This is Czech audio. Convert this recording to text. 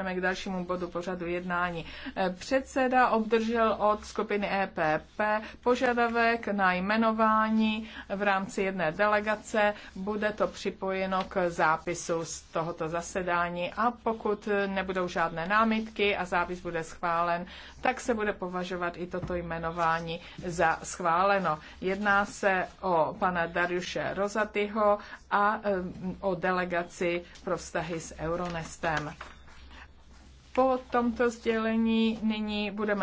dostaneme k dalšímu bodu pořadu jednání. Eh, předseda obdržel od skupiny EPP požadavek na jmenování v rámci jedné delegace. Bude to připojeno k zápisu z tohoto zasedání a pokud nebudou žádné námitky a zápis bude schválen, tak se bude považovat i toto jmenování za schváleno. Jedná se o pana Dariuše Rozatyho a eh, o delegaci pro vztahy s Euronestem. Po tomto sdělení nyní budeme